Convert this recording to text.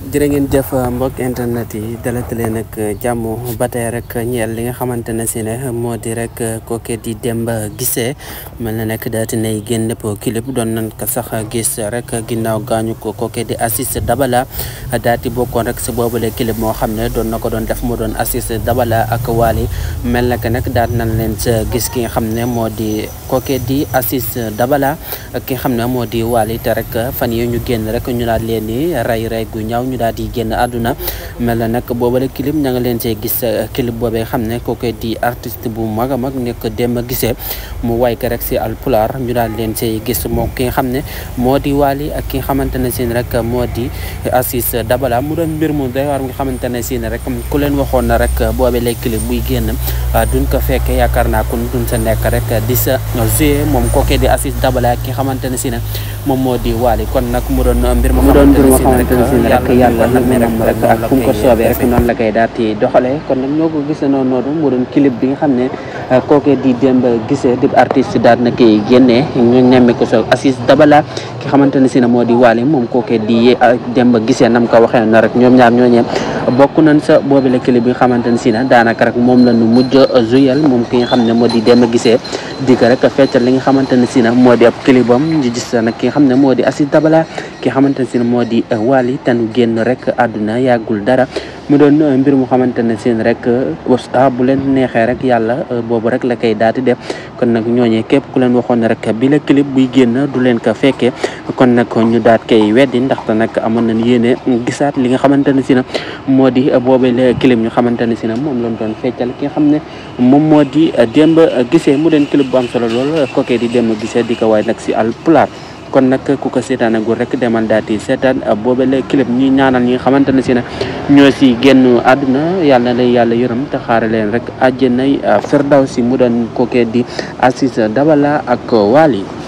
jërë ngeen jëf mbokk internet yi dalataleen ak jàmm ba tey rek ñeel li nga xamante ne si ne moo di rek kooke di Demba Guissé mel na nekk daati nay génn po clip doon nañ ko sax gis rek ginnaaw gaañu ko kooke di Aziz Dabala daati bokkoon rek si boobule clip moo xam ne doon na ko doon def mu doon Aziz Dabala ak Wally mel na ko nag daat nañ leen sa gis ki nga xam ne moo di kooke di Aziz Dabala ki nga xam ne moo di Wally te rek fan yi ñu génn rek ñu daal leen ni rey rey gu ñaaw ñu daal di génn àdduna mel na nag boobale clip ña nga leen see gis eh, clip boobee xam ne kooku di artist bu mag a mag nekk Demba gisee mu waay ko rek si alpulaar ñu daal leen see gis moo ki nga xam ne moo di Wally ak ki nga xamante ne si rek moo di Aziz Dabala mu doon mbir mu doy waar nga xamante ne si rek ku leen waxoon na rek boobale clip buy génn ah, duñ ko fekke yaakaar naa kon duñ sa nekk rek di sa joué moom kooku di Aziz Dabala ak ki nga xamante ne si ne moom moo di Wally kon nag mu doon mbir mu doon si ne rek yàlla nag moom rek ak fu ko soobee rek noonu la koy daal di doxalee kon nag ñoo ko gis noonu moo doon clip bi nga xam ne euh, kookee di démb gisee di artiste daal na koy génnee ñu ñemme ko soog Aziz Dabala xamante ne si ne moo di Wally moom kookee di euh, démb gisee nam ko waxee na rek ñoom ñaar ñooñee bokk nañ sa boobi la clip bi nga xamante ne si ne daanaka rek moom la ñu mujj a juyal moom ki nga xam ne moo di démb gisee di ko rek feccal li nga xamante ne si na moo di ab kilibam ñu gis na ki nga xam ne moo di Aziz Dabala ki nga xamante ne si na moo di Wally te nu génn rek àdduna yàggul dara mu doon uh, mbir mu xamante ne seen rek constat uh, ah, bu leen neexee rek yàlla uh, boobu rek la koy daal di def kon nag ñooñee képp ku leen waxoon rek bi la clip buy génn du leen ko fekkee kon nag ñu daat koy weddi ndaxte nag amoon nañ yéene gisaat li nga xamante ne si na moo di boobee la clip ñu xamante ne si na moom lañ doon feccal ki nga xam ne moom moo di démb gisee mu deen clip bu am solo lool kookee di démb gisee di ko waaye nag si al pulaar kon nag ku ko seetaanagul rek demal daal di seetaan uh, boobale clip ñuy ñaanal ñi nga xamante ne si ne ñoo si génn àdduna yàlla na yàlla yërëm te xaare leen rek àjjanay uh, firdaw si mu doon kookee di Aziz Dabala ak Wally